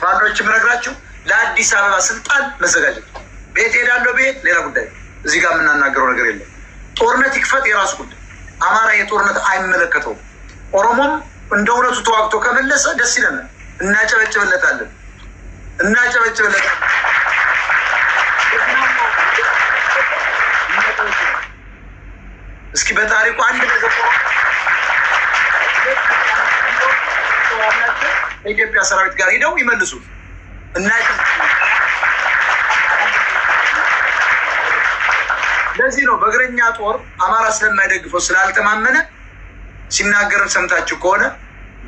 ፋኖች የምነግራችሁ ለአዲስ አበባ ስልጣን መዘጋጀት። ቤት ሄዳለሁ ብሄድ ሌላ ጉዳይ፣ እዚህ ጋር የምናናገረው ነገር የለም። ጦርነት ይክፈት የራሱ ጉዳይ። አማራ የጦርነት አይመለከተውም። ኦሮሞም እንደ እውነቱ ተዋግቶ ከመለሰ ደስ ይለናል፣ እናጨበጭበለታለን፣ እናጨበጭበለታለን። እስኪ በታሪኩ አንድ ነገር ከኢትዮጵያ ሰራዊት ጋር ሂደው ይመልሱ እና ለዚህ ነው በእግረኛ ጦር አማራ ስለማይደግፈው ስላልተማመነ ሲናገርም ሰምታችሁ ከሆነ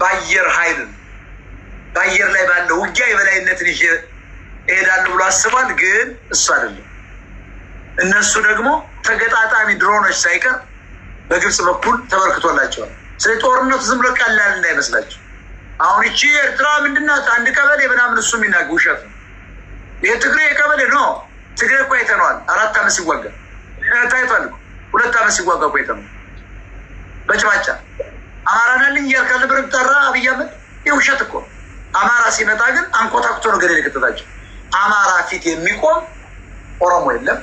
በአየር ኃይል በአየር ላይ ባለው ውጊያ የበላይነትን ይዤ እሄዳለሁ ብሎ አስቧል። ግን እሱ አይደለም። እነሱ ደግሞ ተገጣጣሚ ድሮኖች ሳይቀር በግብፅ በኩል ተበርክቶላቸዋል። ስለዚህ ጦርነቱ ዝም ብሎ ቀላል እንዳይመስላቸው አሁን እቺ ኤርትራ ምንድናት? አንድ ቀበሌ ምናምን እሱ የሚናገር ውሸት ነው። የትግሬ ቀበሌ ነው። ትግሬ እኮ አይተነዋል። አራት ዓመት ሲዋጋ ታይቷል። ሁለት ዓመት ሲዋጋ እኮ አይተነዋል። በጭባጫ አማራ ናልኝ እያልክ አልነበረ ጠራ አብይ አህመድ። ይህ ውሸት እኮ አማራ ሲመጣ ግን አንኮታኩቶ ነገር የለከተታቸው አማራ ፊት የሚቆም ኦሮሞ የለም።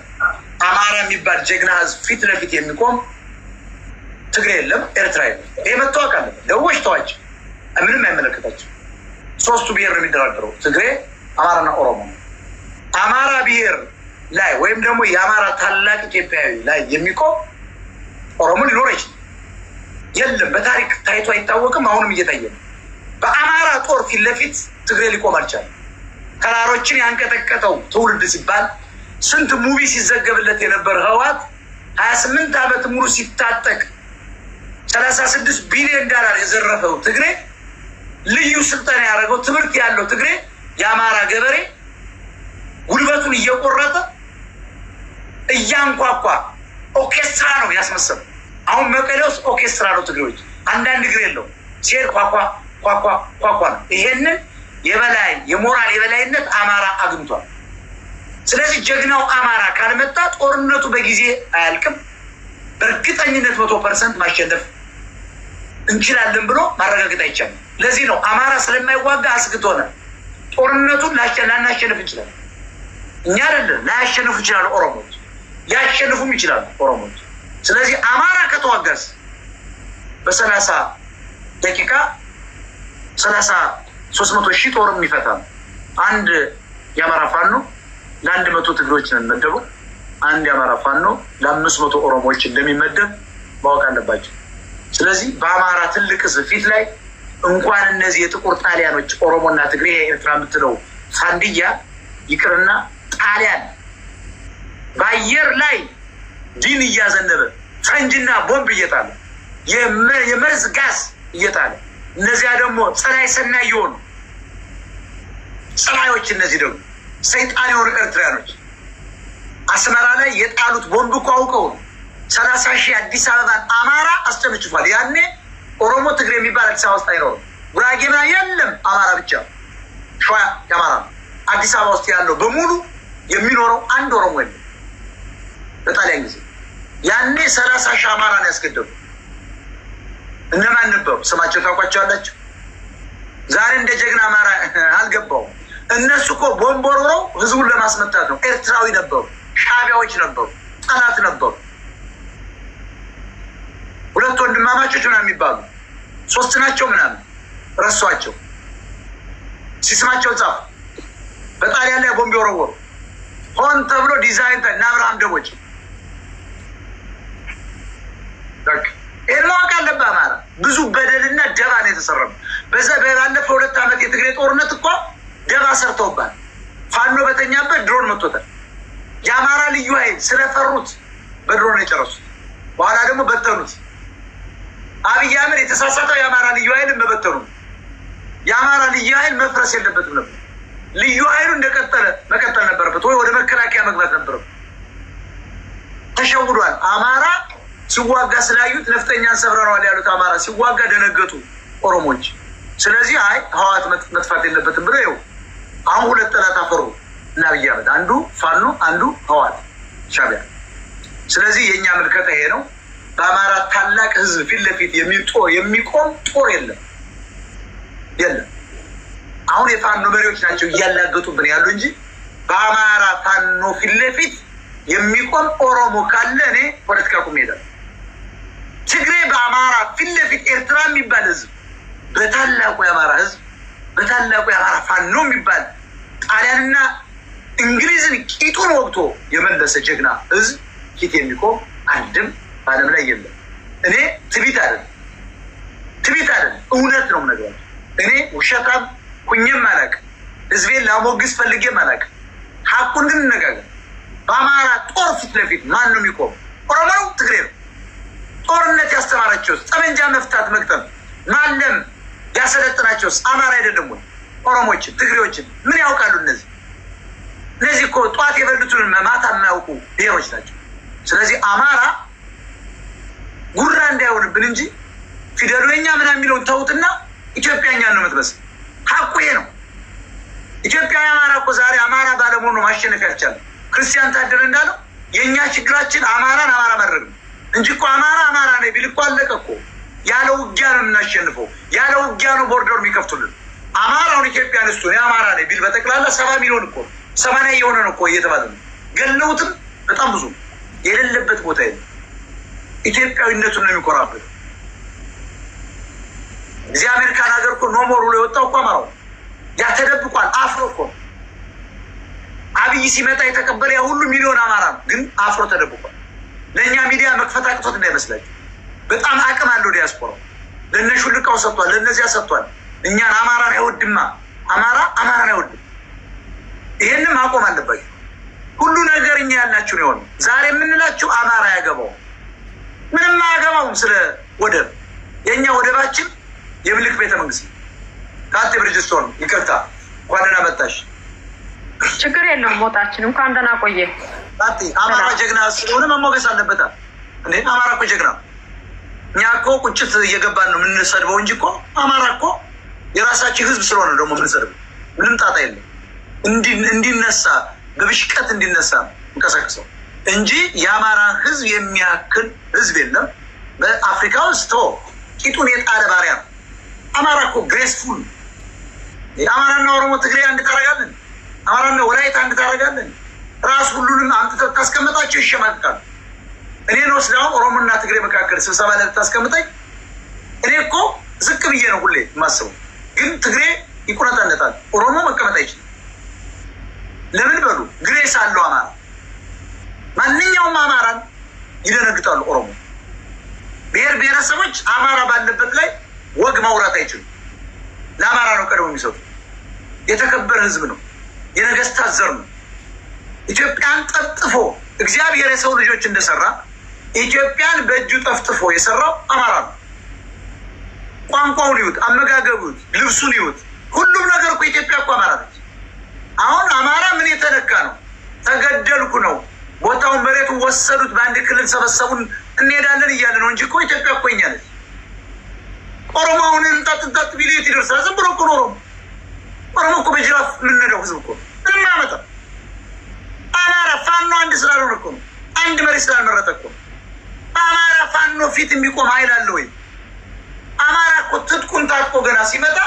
አማራ የሚባል ጀግና ህዝብ ፊት ለፊት የሚቆም ትግሬ የለም፣ ኤርትራ የለም። ይህ መተዋወቅ አለበት። ደዎች ተዋቸው ምንም አይመለከታቸው። ሶስቱ ብሔር ነው የሚደራደረው፣ ትግሬ፣ አማራና ኦሮሞ። አማራ ብሔር ላይ ወይም ደግሞ የአማራ ታላቅ ኢትዮጵያዊ ላይ የሚቆም ኦሮሞ ሊኖር አይችልም። የለም፣ በታሪክ ታይቶ አይታወቅም። አሁንም እየታየ ነው። በአማራ ጦር ፊት ለፊት ትግሬ ሊቆም አልቻለም። ተራሮችን ያንቀጠቀጠው ትውልድ ሲባል ስንት ሙቪ ሲዘገብለት የነበረ ህወሓት ሀያ ስምንት ዓመት ሙሉ ሲታጠቅ ሰላሳ ስድስት ቢሊዮን ዶላር የዘረፈው ትግሬ ልዩ ስልጠና ያደረገው ትምህርት ያለው ትግሬ የአማራ ገበሬ ጉልበቱን እየቆረጠ እያንኳኳ ኦርኬስትራ ነው ያስመሰሉ። አሁን መቀሌ ውስጥ ኦርኬስትራ ነው ትግሬዎች፣ አንዳንድ እግር የለው ሴር ኳኳ ኳኳ ኳኳ ነው። ይሄንን የበላይ የሞራል የበላይነት አማራ አግኝቷል። ስለዚህ ጀግናው አማራ ካልመጣ ጦርነቱ በጊዜ አያልቅም። በእርግጠኝነት መቶ ፐርሰንት ማሸነፍ እንችላለን ብሎ ማረጋገጥ አይቻልም። ለዚህ ነው አማራ ስለማይዋጋ አስግቶነ ጦርነቱን ላናሸንፍ እንችላለን። እኛ አይደለን ላያሸንፉ ይችላሉ ኦሮሞች፣ ያሸንፉም ይችላሉ ኦሮሞች። ስለዚህ አማራ ከተዋጋስ በሰላሳ ደቂቃ ሰላሳ ሶስት መቶ ሺህ ጦርም ይፈታል። አንድ የአማራ ፋኖ ለአንድ መቶ ትግሮች ነው የሚመደቡ። አንድ የአማራ ፋኖ ለአምስት መቶ ኦሮሞዎች እንደሚመደብ ማወቅ አለባቸው። ስለዚህ በአማራ ትልቅ ህዝብ ፊት ላይ እንኳን እነዚህ የጥቁር ጣሊያኖች ኦሮሞና ትግሬ ኤርትራ የምትለው ሳንድያ ይቅርና ጣሊያን በአየር ላይ ዲን እያዘነበ ፈንጅና ቦምብ እየጣለ የመርዝ ጋዝ እየጣለ እነዚያ ደግሞ ፀራይ ሰናይ የሆኑ ፀራዮች እነዚህ ደግሞ ሰይጣን የሆኑ ኤርትራያኖች አስመራ ላይ የጣሉት ቦምብ እኮ አውቀው ነው ሰላሳ ሺህ አዲስ አበባ አማራ አስጨፍጭፏል። ያኔ ኦሮሞ፣ ትግሬ የሚባል አዲስ አበባ ውስጥ አይኖርም። ጉራጌና የለም። አማራ ብቻ ሸዋ የአማራ ነው። አዲስ አበባ ውስጥ ያለው በሙሉ የሚኖረው አንድ ኦሮሞ የለም። በጣሊያን ጊዜ ያኔ ሰላሳ ሺህ አማራ ነው ያስገደሉ። እነማን ነበሩ? ስማቸው ታውቋቸዋላቸው? ዛሬ እንደ ጀግና አማራ አልገባውም። እነሱ እኮ ቦምብ ህዝቡን ለማስመታት ነው። ኤርትራዊ ነበሩ፣ ሻቢያዎች ነበሩ፣ ጠላት ነበሩ። ሁለት ወንድማማቾች ምናምን የሚባሉ ሶስት ናቸው ምናምን ረሷቸው። ሲስማቸውን ጻፉ። በጣሊያን ላይ ቦምብ ወረወሩ። ሆን ተብሎ ዲዛይን እና አብርሃም ደቦጭ ይህን ማወቅ አለብህ። አማራ ብዙ በደልና ደባ ነው የተሰራው። በዛ ባለፈው ሁለት ዓመት የትግራይ ጦርነት እኮ ደባ ሰርተውባል። ፋኖ በተኛበት ድሮን መጥቶታል። የአማራ ልዩ ኃይል ስለፈሩት በድሮን የጨረሱት በኋላ ደግሞ በተኑት። አብይ አህመድ የተሳሳተው የአማራ ልዩ ኃይልን መበተኑ የአማራ ልዩ ኃይል መፍረስ የለበትም ነበር። ልዩ ኃይሉ እንደቀጠለ መቀጠል ነበረበት ወይ ወደ መከላከያ መግባት ነበረበት ተሸውዷል። አማራ ሲዋጋ ስላዩት ነፍጠኛን ሰብረነዋል ያሉት አማራ ሲዋጋ ደነገጡ ኦሮሞች። ስለዚህ አይ ህዋት መጥፋት የለበትም ብለው ይኸው አሁን ሁለት ጠላት አፈሩ እና አብይ አህመድ አንዱ ፋኖ፣ አንዱ ህዋት ሻቢያ። ስለዚህ የእኛ ምልከታ ይሄ ነው። በአማራ ታላቅ ህዝብ ፊት ለፊት የሚቆም ጦር የለም የለም። አሁን የፋኖ መሪዎች ናቸው እያላገጡብን ያሉ እንጂ በአማራ ፋኖ ፊት ለፊት የሚቆም ኦሮሞ ካለ እኔ ፖለቲካ ቁም ሄዳል። ትግሬ በአማራ ፊት ለፊት ኤርትራ የሚባል ህዝብ በታላቁ የአማራ ህዝብ በታላቁ የአማራ ፋኖ የሚባል ጣሊያንና እንግሊዝን ቂጡን ወቅቶ የመለሰ ጀግና ህዝብ ፊት የሚቆም አንድም ዓለም ላይ የለም። እኔ ትቢት አይደለም ትቢት አይደለም እውነት ነው ነገ እኔ ውሸታም ሁኜም አላውቅም። ህዝቤን ላሞግስ ፈልጌም አላውቅም። ሀቁን ግን እነጋገር። በአማራ ጦር ፊት ለፊት ማን ነው የሚቆም? ኦሮሞ ነው፣ ትግሬ ነው። ጦርነት ያስተማራቸውስ ጠመንጃ መፍታት መቅጠም ማለም ያሰለጥናቸውስ አማራ አይደለም ወይ? ኦሮሞችን ትግሬዎችን ምን ያውቃሉ እነዚህ? እነዚህ እኮ ጠዋት የበሉትን ማታ የማያውቁ ብሔሮች ናቸው። ስለዚህ አማራ ጉራ እንዳይሆንብን እንጂ ፊደሉ የኛ ምና የሚለውን ተውትና ኢትዮጵያኛ ነው መጥበስ ሀቁ ይሄ ነው። ኢትዮጵያ የአማራ እኮ ዛሬ አማራ ባለመሆኑ ማሸነፍ ያልቻለ ክርስቲያን ታደረ እንዳለው የእኛ ችግራችን አማራን አማራ ማድረግ ነው እንጂ እኮ አማራ አማራ ነ ቢል እኮ አለቀ እኮ። ያለ ውጊያ ነው የምናሸንፈው። ያለ ውጊያ ነው ቦርደር የሚከፍቱልን። አማራውን ኢትዮጵያ ንስቱ አማራ ነ ቢል በጠቅላላ ሰባ ሚሊዮን እኮ ሰማንያ የሆነ ነው እኮ እየተባለ ነው። ገለውትም በጣም ብዙ የሌለበት ቦታ የለም። ኢትዮጵያዊነቱን ነው የሚኮራበት። እዚህ አሜሪካን ሀገር እኮ ኖሞር ብሎ የወጣው እኮ አማራው ያ ተደብቋል። አፍሮ እኮ አብይ ሲመጣ የተቀበለ ያ ሁሉ ሚሊዮን አማራ ነው፣ ግን አፍሮ ተደብቋል። ለእኛ ሚዲያ መክፈት አቅቶት እንዳይመስላችሁ። በጣም አቅም አለው ዲያስፖራው። ለእነ ሹልቃው ሰጥቷል፣ ለእነዚያ ሰጥቷል። እኛን አማራን አይወድማ። አማራ አማራን አይወድም። ይህንም ማቆም አለባቸው። ሁሉ ነገር እኛ ያልናችሁ ነው የሆነው። ዛሬ የምንላችሁ አማራ ያገባው ምንም አያገባውም ስለ ወደብ። የእኛ ወደባችን የምልክ ቤተ መንግስት ከአቴ ብርጅስቶን ይቅርታ፣ እንኳን ደህና መጣሽ። ችግር የለውም ሞጣችን፣ እንኳን ደህና ቆየ። አማራ ጀግና ስለሆነ መሞገስ አለበታል። እንዴ አማራ እኮ ጀግና እኛ እኮ ቁጭት እየገባን ነው የምንሰድበው እንጂ እኮ አማራ እኮ የራሳችን ህዝብ ስለሆነ ደግሞ የምንሰድበው ምንም ጣጣ የለም። እንዲነሳ በብሽቀት እንዲነሳ እንቀሳቀሰው እንጂ የአማራን ህዝብ የሚያክል ህዝብ የለም። በአፍሪካ ውስጥ ቂጡን የጣለ ባሪያ ነው። አማራ እኮ ግሬስፉል የአማራና ኦሮሞ፣ ትግሬ አንድ ታደርጋለን። አማራና ወላይታ አንድ ታደርጋለን። ራሱ ሁሉንም አምጥተ ታስቀምጣቸው ይሸማቅቃል። እኔ ነው አሁን ኦሮሞና ትግሬ መካከል ስብሰባ ላይ ታስቀምጠኝ። እኔ እኮ ዝቅ ብዬ ነው ሁሌ የማስበው፣ ግን ትግሬ ይቁረጠነታል፣ ኦሮሞ መቀመጥ አይችልም። ለምን በሉ ግሬስ አለው አማራ ማንኛውም አማራን ይደነግጣሉ። ኦሮሞ ብሔር ብሔረሰቦች አማራ ባለበት ላይ ወግ ማውራት አይችሉም። ለአማራ ነው ቀደሙ የሚሰጡ። የተከበረ ህዝብ ነው፣ የነገስታት ዘር ነው። ኢትዮጵያን ጠፍጥፎ እግዚአብሔር የሰው ልጆች እንደሰራ ኢትዮጵያን በእጁ ጠፍጥፎ የሰራው አማራ ነው። ቋንቋውን ይሁት፣ አመጋገቡት፣ ልብሱን ይሁት፣ ሁሉም ነገር እኮ ኢትዮጵያ እኮ አማራ ነች። አሁን አማራ ምን የተነካ ነው? ተገደልኩ ነው ቦታውን መሬቱ ወሰዱት። በአንድ ክልል ሰበሰቡን እንሄዳለን እያለ ነው እንጂ እኮ ኢትዮጵያ እኮ እኛ ነች። ኦሮሞውን እንጠጥ እንጠጥ ቢል የት ይደርሳል? ዝም ብሎ እኮ ኦሮሞ ኦሮሞ እኮ በጅራፍ የምንነዳው ህዝብ እኮ ምንም ያመጣ አማራ ፋኖ አንድ ስላልሆነ እኮ ነው። አንድ መሪ ስላልመረጠ እኮ ነው። አማራ ፋኖ ፊት የሚቆም ሀይል አለ ወይ? አማራ እኮ ትጥቁን ታጥቆ ገና ሲመጣ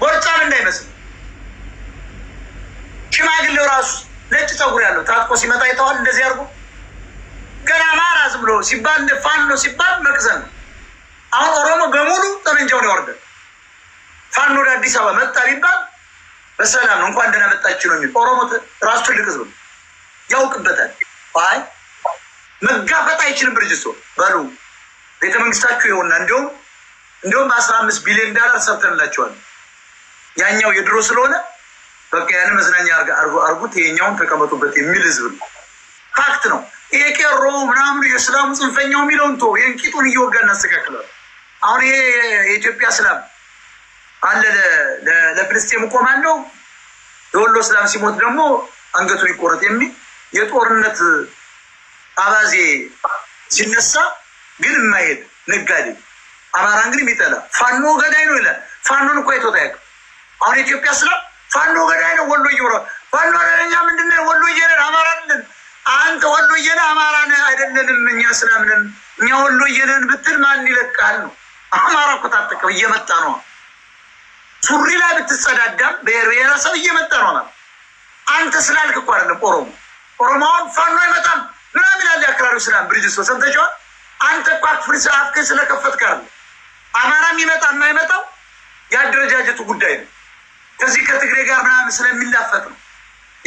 ቦርጫም እንዳይመስል ሽማግሌው ራሱ ነጭ ፀጉር ያለው ታጥቆ ሲመጣ ይተዋል። እንደዚህ አድርጎ ገና አማራ ዝም ብሎ ሲባል እንደ ፋኖ ሲባል መቅዘን ነው። አሁን ኦሮሞ በሙሉ ጠመንጃውን ያወርዳል። ፋኖ ወደ አዲስ አበባ መጣ ቢባል በሰላም ነው እንኳን ደህና መጣችሁ ነው የሚል። ኦሮሞ ራሱ ትልቅ ህዝብ ነው፣ ያውቅበታል። ይ መጋፈጥ አይችልም። ብርጅሶ በሉ ቤተ መንግስታችሁ ይሆና እንዲሁም እንዲሁም በአስራ አምስት ቢሊዮን ዳላር ሰርተንላቸዋል። ያኛው የድሮ ስለሆነ በቃ ያን መዝናኛ አርጉት፣ ይሄኛውን ተቀመጡበት የሚል ህዝብ ነው። ፋክት ነው ይሄ። ቄሮ ምናምን የእስላሙ ጽንፈኛው የሚለውን ቶ ይህን ቂጡን እየወጋ እናስተካክላል። አሁን ይሄ የኢትዮጵያ እስላም አለ ለፍልስጤም እቆማለሁ፣ የወሎ እስላም ሲሞት ደግሞ አንገቱን ይቆረጥ የሚል የጦርነት አባዜ ሲነሳ ግን የማይሄድ ነጋዴ አማራን ግን የሚጠላ ፋኖ ገዳይ ነው ይላል። ፋኖን እኮ አይቶት አያውቅም። አሁን የኢትዮጵያ እስላም ፋኖ ገዳይ ነው። ወሎ ብሎ ፋኖ አለኛ ምንድን ነው? ወሎዬ ነን፣ አማራ ነን። አንተ ወሎ እየነ አማራ ነህ አይደለንም። እኛ እስላም ነን፣ እኛ ወሎ እየነን ብትል ማን ይለቃል? ነው አማራ እኮ እየመጣ ነው። ሱሪ ላይ ብትጸዳዳም ብሔር ብሔረሰብ እየመጣ ነው። ማለት አንተ ስላልክ እኮ አይደለም። ኦሮሞ ኦሮሞውን ፋኖ አይመጣም ምናምን ይላል አክራሪው ስላም ብሪጅ ሰው ሰምተችዋል። አንተ እኮ አፍርስ አፍክን ስለከፈትክ አይደለም። አማራ የሚመጣ የማይመጣው የአደረጃጀቱ ጉዳይ ነው። ከዚህ ከትግሬ ጋር ምናምን ስለሚላፈጥ ነው።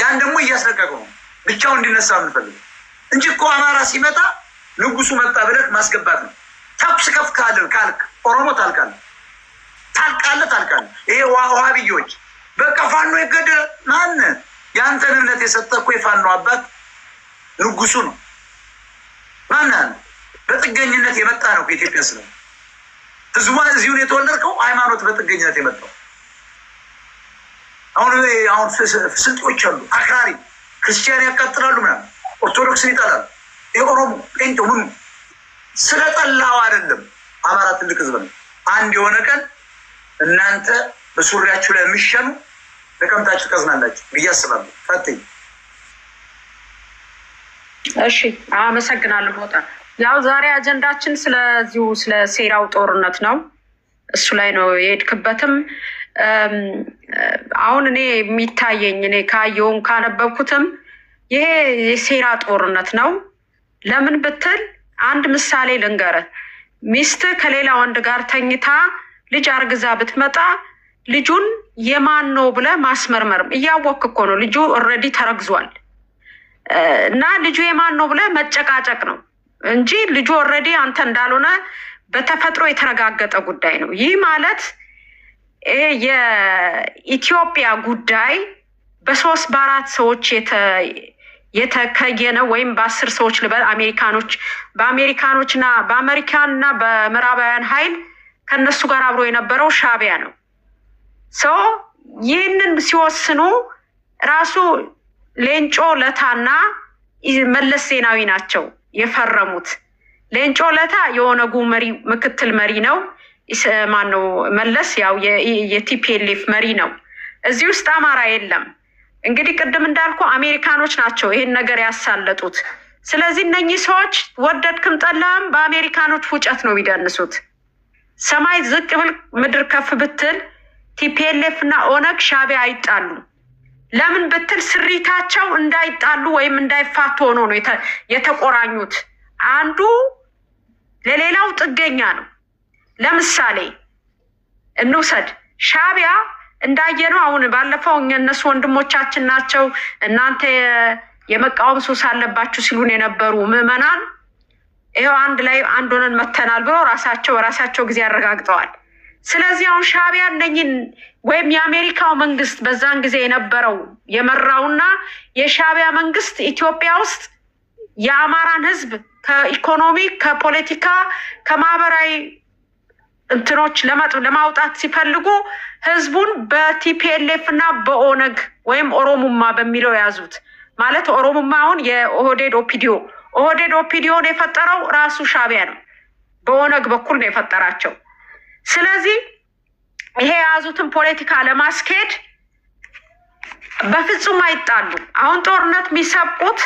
ያን ደግሞ እያስለቀቀ ነው ብቻው እንዲነሳ የምንፈልግ እንጂ እኮ አማራ ሲመጣ ንጉሱ መጣ ብለህ ማስገባት ነው። ተኩስ ከፍ ካልን ካልክ ኦሮሞ ታልቃለህ፣ ታልቃለ ታልቃለህ። ይሄ ዋሃብዮች በቃ ፋኖ ይገደላል። ማን የአንተን እምነት የሰጠህ እኮ የፋኖ አባት ንጉሱ ነው። ማን በጥገኝነት የመጣ ነው ከኢትዮጵያ ስለ ህዝቡ እዚሁን የተወለድከው ሃይማኖት በጥገኝነት የመጣው አሁን አሁን ስልጦች አሉ አክራሪ ክርስቲያን ያቃጥላሉ ምናምን ኦርቶዶክስን ይጠላሉ። የኦሮሞ ጴንጤ ሁሉ ስለጠላው አይደለም። አማራ ትልቅ ህዝብ ነው። አንድ የሆነ ቀን እናንተ በሱሪያችሁ ላይ የሚሸኑ ተቀምጣችሁ ትቀዝናላችሁ ብዬ አስባለሁ። ፈት እሺ አመሰግናለሁ። ቦታ ያው ዛሬ አጀንዳችን ስለዚሁ ስለ ሴራው ጦርነት ነው። እሱ ላይ ነው የሄድክበትም አሁን እኔ የሚታየኝ እኔ ካየውም ካነበብኩትም ይሄ የሴራ ጦርነት ነው። ለምን ብትል አንድ ምሳሌ ልንገር። ሚስት ከሌላ ወንድ ጋር ተኝታ ልጅ አርግዛ ብትመጣ ልጁን የማን ነው ብለ ማስመርመርም እያወቅህ እኮ ነው። ልጁ ኦልሬዲ ተረግዟል እና ልጁ የማን ነው ብለ መጨቃጨቅ ነው እንጂ ልጁ ኦልሬዲ አንተ እንዳልሆነ በተፈጥሮ የተረጋገጠ ጉዳይ ነው። ይህ ማለት የኢትዮጵያ ጉዳይ በሶስት በአራት ሰዎች የተከየ ነው ወይም በአስር ሰዎች ልበል አሜሪካኖች በአሜሪካኖች እና በአሜሪካን እና በምዕራባውያን ኃይል ከእነሱ ጋር አብሮ የነበረው ሻቢያ ነው። ሰው ይህንን ሲወስኑ ራሱ ሌንጮ ለታና መለስ ዜናዊ ናቸው የፈረሙት። ሌንጮ ለታ የኦነጉ መሪ ምክትል መሪ ነው። ነው መለስ ያው የቲፒኤልኤፍ መሪ ነው። እዚህ ውስጥ አማራ የለም። እንግዲህ ቅድም እንዳልኩ አሜሪካኖች ናቸው ይህን ነገር ያሳለጡት። ስለዚህ እነኚህ ሰዎች ወደድክም ጠላም በአሜሪካኖች ፉጨት ነው የሚደንሱት። ሰማይ ዝቅ ብል ምድር ከፍ ብትል ቲፒኤልኤፍ እና ኦነግ ሻቢያ አይጣሉ። ለምን ብትል ስሪታቸው እንዳይጣሉ ወይም እንዳይፋቱ ሆኖ ነው የተቆራኙት። አንዱ ለሌላው ጥገኛ ነው። ለምሳሌ እንውሰድ ሻቢያ እንዳየነው አሁን ባለፈው እነሱ ወንድሞቻችን ናቸው እናንተ የመቃወም ሱስ አለባችሁ ሲሉን የነበሩ ምዕመናን ይኸው አንድ ላይ አንድ ሆነን መተናል ብሎ ራሳቸው በራሳቸው ጊዜ አረጋግጠዋል። ስለዚህ አሁን ሻቢያ እነኝን ወይም የአሜሪካው መንግስት በዛን ጊዜ የነበረው የመራውና የሻቢያ መንግስት ኢትዮጵያ ውስጥ የአማራን ህዝብ ከኢኮኖሚ፣ ከፖለቲካ፣ ከማህበራዊ እንትኖች ለማውጣት ሲፈልጉ ህዝቡን በቲፒኤልኤፍ እና በኦነግ ወይም ኦሮሙማ በሚለው የያዙት ማለት አሁን የኦህዴድ ኦፒዲዮ ኦህዴድ ኦፒዲዮን የፈጠረው ራሱ ሻቢያ ነው። በኦነግ በኩል ነው የፈጠራቸው። ስለዚህ ይሄ የያዙትን ፖለቲካ ለማስኬድ በፍጹም አይጣሉ። አሁን ጦርነት የሚሰብቁት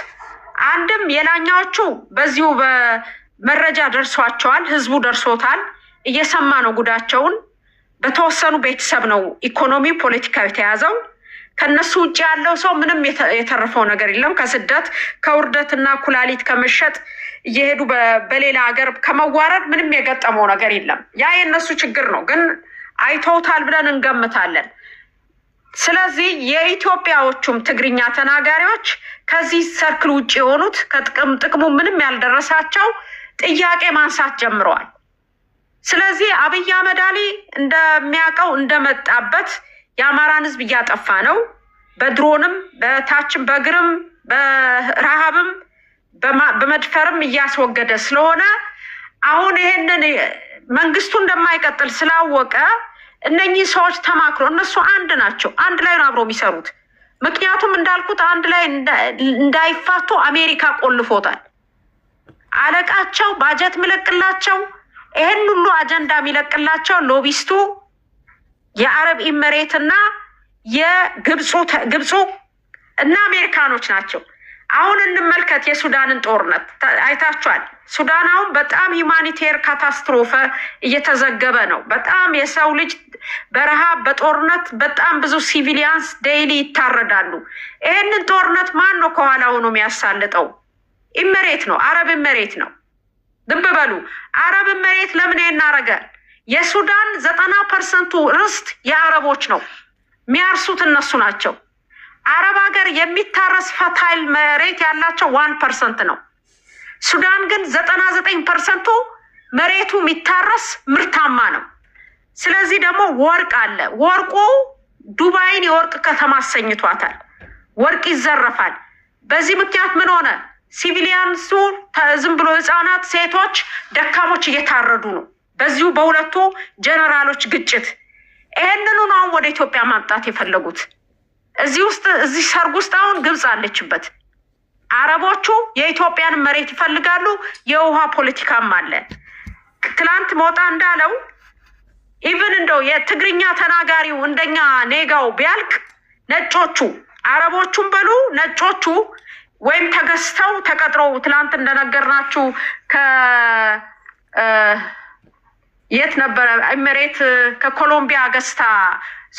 አንድም የላኛዎቹ በዚሁ በመረጃ ደርሷቸዋል፣ ህዝቡ ደርሶታል። እየሰማ ነው ጉዳቸውን። በተወሰኑ ቤተሰብ ነው ኢኮኖሚ፣ ፖለቲካው የተያዘው። ከነሱ ውጭ ያለው ሰው ምንም የተረፈው ነገር የለም። ከስደት ከውርደትና ኩላሊት ከመሸጥ እየሄዱ በሌላ ሀገር ከመዋረድ ምንም የገጠመው ነገር የለም። ያ የእነሱ ችግር ነው፣ ግን አይተውታል ብለን እንገምታለን። ስለዚህ የኢትዮጵያዎቹም ትግርኛ ተናጋሪዎች ከዚህ ሰርክል ውጭ የሆኑት ከጥቅም ጥቅሙ ምንም ያልደረሳቸው ጥያቄ ማንሳት ጀምረዋል። ስለዚህ አብይ አህመድ አሊ እንደሚያውቀው እንደመጣበት የአማራን ህዝብ እያጠፋ ነው። በድሮንም በታችም በእግርም በረሃብም በመድፈርም እያስወገደ ስለሆነ አሁን ይሄንን መንግስቱ እንደማይቀጥል ስላወቀ እነኚህ ሰዎች ተማክሮ እነሱ አንድ ናቸው። አንድ ላይ ነው አብሮ የሚሰሩት። ምክንያቱም እንዳልኩት አንድ ላይ እንዳይፋቱ አሜሪካ ቆልፎታል። አለቃቸው ባጀት ምልክላቸው ይህን ሁሉ አጀንዳ የሚለቅላቸው ሎቢስቱ የአረብ ኢመሬትና የግብፁ እና አሜሪካኖች ናቸው። አሁን እንመልከት የሱዳንን ጦርነት አይታችኋል። ሱዳን አሁን በጣም ሂማኒቴር ካታስትሮፈ እየተዘገበ ነው። በጣም የሰው ልጅ በረሃብ በጦርነት በጣም ብዙ ሲቪሊያንስ ዴይሊ ይታረዳሉ። ይህንን ጦርነት ማን ነው ከኋላ ሆኖ የሚያሳልጠው? ኢመሬት ነው፣ አረብ ኢመሬት ነው። ልብ በሉ። አረብ መሬት ለምን እናረገ? የሱዳን ዘጠና ፐርሰንቱ ርስት የአረቦች ነው። የሚያርሱት እነሱ ናቸው። አረብ ሀገር የሚታረስ ፈታይል መሬት ያላቸው ዋን ፐርሰንት ነው። ሱዳን ግን ዘጠና ዘጠኝ ፐርሰንቱ መሬቱ የሚታረስ ምርታማ ነው። ስለዚህ ደግሞ ወርቅ አለ። ወርቁ ዱባይን የወርቅ ከተማ አሰኝቷታል። ወርቅ ይዘረፋል። በዚህ ምክንያት ምን ሆነ? ሲቪሊያን ሱ ዝም ብሎ ህፃናት፣ ሴቶች፣ ደካሞች እየታረዱ ነው በዚሁ በሁለቱ ጀነራሎች ግጭት። ይህንኑ ነው አሁን ወደ ኢትዮጵያ ማምጣት የፈለጉት። እዚህ ውስጥ እዚህ ሰርግ ውስጥ አሁን ግብፅ አለችበት። አረቦቹ የኢትዮጵያን መሬት ይፈልጋሉ። የውሃ ፖለቲካም አለ። ትላንት ሞጣ እንዳለው ኢቭን እንደው የትግርኛ ተናጋሪው እንደኛ ኔጋው ቢያልቅ ነጮቹ አረቦቹም በሉ ነጮቹ ወይም ተገዝተው ተቀጥረው ትናንት እንደነገርናችሁ የት ነበረ ኤምሬት ከኮሎምቢያ ገዝታ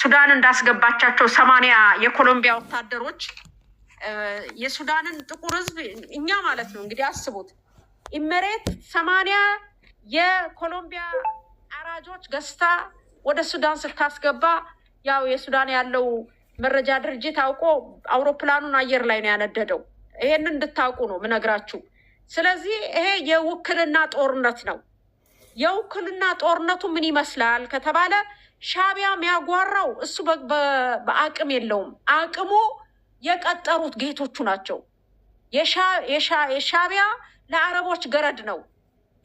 ሱዳን እንዳስገባቻቸው ሰማንያ የኮሎምቢያ ወታደሮች የሱዳንን ጥቁር ህዝብ እኛ ማለት ነው እንግዲህ አስቡት። ኢመሬት ሰማንያ የኮሎምቢያ አራጆች ገዝታ ወደ ሱዳን ስታስገባ ያው የሱዳን ያለው መረጃ ድርጅት አውቆ አውሮፕላኑን አየር ላይ ነው ያነደደው። ይሄንን እንድታውቁ ነው ምነግራችሁ። ስለዚህ ይሄ የውክልና ጦርነት ነው። የውክልና ጦርነቱ ምን ይመስላል ከተባለ ሻቢያ የሚያጓራው እሱ በአቅም የለውም። አቅሙ የቀጠሩት ጌቶቹ ናቸው። የሻቢያ ለአረቦች ገረድ ነው፣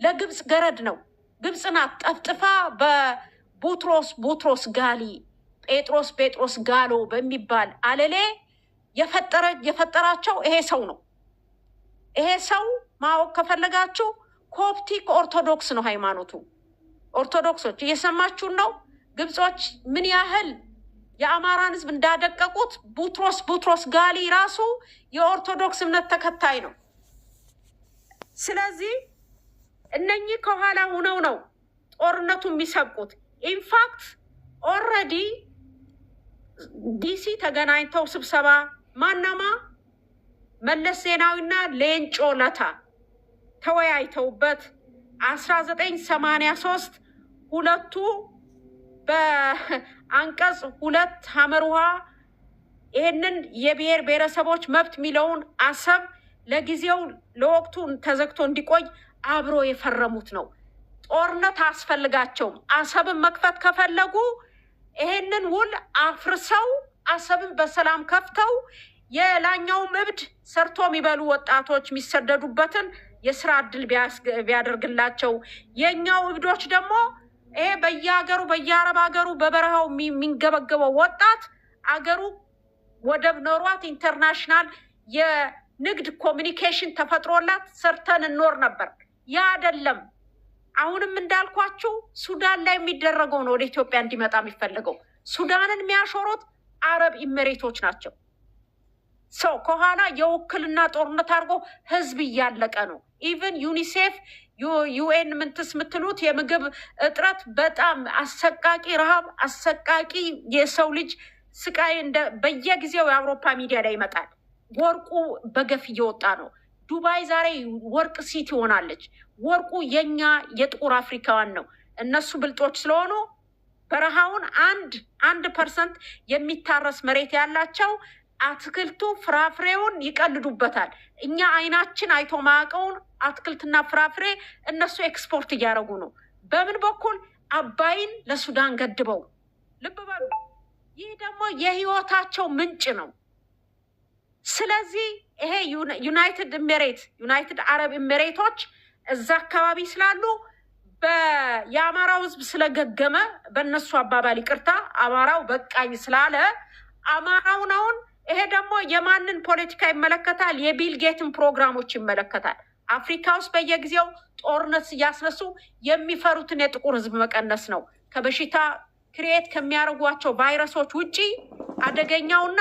ለግብፅ ገረድ ነው። ግብፅ ናት ጠፍጥፋ በቡትሮስ ቡትሮስ ጋሊ ጴጥሮስ ጴጥሮስ ጋሎ በሚባል አለሌ የፈጠራቸው ይሄ ሰው ነው። ይሄ ሰው ማወቅ ከፈለጋችሁ ኮፕቲክ ኦርቶዶክስ ነው ሃይማኖቱ። ኦርቶዶክሶች እየሰማችሁን ነው። ግብጾች ምን ያህል የአማራን ህዝብ እንዳደቀቁት ቡትሮስ ቡትሮስ ጋሊ ራሱ የኦርቶዶክስ እምነት ተከታይ ነው። ስለዚህ እነኚህ ከኋላ ሆነው ነው ጦርነቱ የሚሰብቁት። ኢንፋክት ኦልሬዲ ዲሲ ተገናኝተው ስብሰባ ማናማ መለስ ዜናዊና ሌንጮ ለታ ተወያይተውበት 1983 ሁለቱ በአንቀጽ ሁለት ሀመር ውሃ ይህንን የብሔር ብሔረሰቦች መብት የሚለውን አሰብ ለጊዜው ለወቅቱ ተዘግቶ እንዲቆይ አብሮ የፈረሙት ነው። ጦርነት አያስፈልጋቸውም። አሰብን መክፈት ከፈለጉ ይህንን ውል አፍርሰው አሰብን በሰላም ከፍተው የላኛው እብድ ሰርቶ የሚበሉ ወጣቶች የሚሰደዱበትን የስራ እድል ቢያደርግላቸው፣ የእኛው እብዶች ደግሞ ይሄ በየሀገሩ በየአረብ ሀገሩ በበረሃው የሚንገበገበው ወጣት አገሩ ወደብ ኖሯት ኢንተርናሽናል የንግድ ኮሚኒኬሽን ተፈጥሮላት ሰርተን እንኖር ነበር። ያ አይደለም። አሁንም እንዳልኳችሁ ሱዳን ላይ የሚደረገው ነው ወደ ኢትዮጵያ እንዲመጣ የሚፈለገው። ሱዳንን የሚያሾሩት አረብ ኢመሬቶች ናቸው። ሰው ከኋላ የውክልና ጦርነት አድርጎ ህዝብ እያለቀ ነው። ኢቨን ዩኒሴፍ ዩኤን ምንትስ የምትሉት የምግብ እጥረት በጣም አሰቃቂ ረሃብ፣ አሰቃቂ የሰው ልጅ ስቃይ እንደ በየጊዜው የአውሮፓ ሚዲያ ላይ ይመጣል። ወርቁ በገፍ እየወጣ ነው። ዱባይ ዛሬ ወርቅ ሲቲ ሆናለች። ወርቁ የኛ የጥቁር አፍሪካዋን ነው። እነሱ ብልጦች ስለሆኑ በረሃውን አንድ አንድ ፐርሰንት የሚታረስ መሬት ያላቸው አትክልቱ ፍራፍሬውን ይቀልዱበታል። እኛ አይናችን አይቶ ማያውቀውን አትክልትና ፍራፍሬ እነሱ ኤክስፖርት እያደረጉ ነው። በምን በኩል አባይን ለሱዳን ገድበው፣ ልብ በሉ። ይህ ደግሞ የህይወታቸው ምንጭ ነው። ስለዚህ ይሄ ዩናይትድ ኢሜሬት ዩናይትድ አረብ ኢሜሬቶች እዛ አካባቢ ስላሉ የአማራው ህዝብ ስለገገመ በእነሱ አባባል ይቅርታ አማራው በቃኝ ስላለ አማራውን አሁን ይሄ ደግሞ የማንን ፖለቲካ ይመለከታል? የቢል ጌትን ፕሮግራሞች ይመለከታል። አፍሪካ ውስጥ በየጊዜው ጦርነት እያስነሱ የሚፈሩትን የጥቁር ህዝብ መቀነስ ነው። ከበሽታ ክሬት ከሚያደርጓቸው ቫይረሶች ውጪ አደገኛውና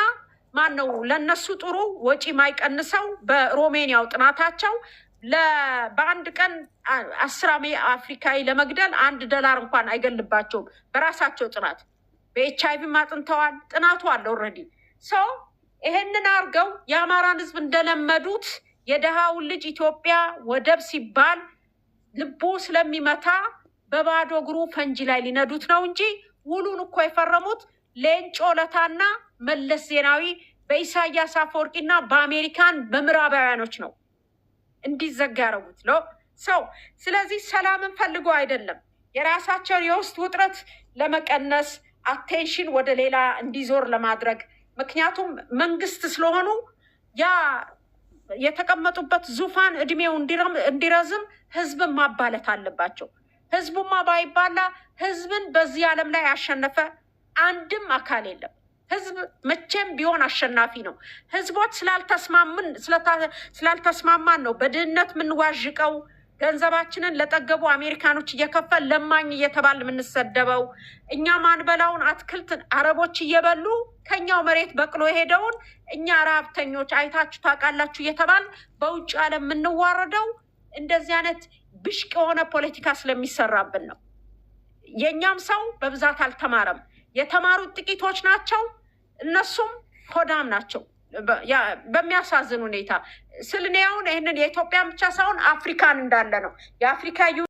ማን ነው? ለእነሱ ጥሩ ወጪ ማይቀንሰው በሮሜኒያው ጥናታቸው በአንድ ቀን አስር አፍሪካዊ ለመግደል አንድ ዶላር እንኳን አይገልባቸውም። በራሳቸው ጥናት በኤች አይቪም አጥንተዋል። ጥናቱ አለ ኦልሬዲ ሰው ይሄንን አድርገው የአማራን ህዝብ እንደለመዱት የደሃውን ልጅ ኢትዮጵያ ወደብ ሲባል ልቡ ስለሚመታ በባዶ እግሩ ፈንጂ ላይ ሊነዱት ነው እንጂ ውሉን እኮ የፈረሙት ሌንጮ ለታና መለስ ዜናዊ በኢሳያስ አፈወርቂና በአሜሪካን በምዕራባውያኖች ነው። እንዲዘጋ ያደረጉት ሰው። ስለዚህ ሰላምን ፈልጎ አይደለም የራሳቸውን የውስጥ ውጥረት ለመቀነስ አቴንሽን ወደ ሌላ እንዲዞር ለማድረግ ምክንያቱም መንግስት ስለሆኑ ያ የተቀመጡበት ዙፋን እድሜው እንዲረዝም ህዝብን ማባለት አለባቸው። ህዝቡማ ባይባላ ህዝብን በዚህ ዓለም ላይ ያሸነፈ አንድም አካል የለም። ህዝብ መቼም ቢሆን አሸናፊ ነው። ህዝቦች ስላልተስማማን ነው በድህነት የምንዋዥቀው፣ ገንዘባችንን ለጠገቡ አሜሪካኖች እየከፈል ለማኝ እየተባል የምንሰደበው። እኛ ማንበላውን አትክልት አረቦች እየበሉ ከኛው መሬት በቅሎ የሄደውን እኛ ረሀብተኞች አይታችሁ ታውቃላችሁ እየተባል በውጭ ዓለም የምንዋረደው እንደዚህ አይነት ብሽቅ የሆነ ፖለቲካ ስለሚሰራብን ነው። የእኛም ሰው በብዛት አልተማረም። የተማሩት ጥቂቶች ናቸው። እነሱም ሆዳም ናቸው በሚያሳዝን ሁኔታ ስል እኔ አሁን ይህንን የኢትዮጵያን ብቻ ሳይሆን አፍሪካን እንዳለ ነው የአፍሪካ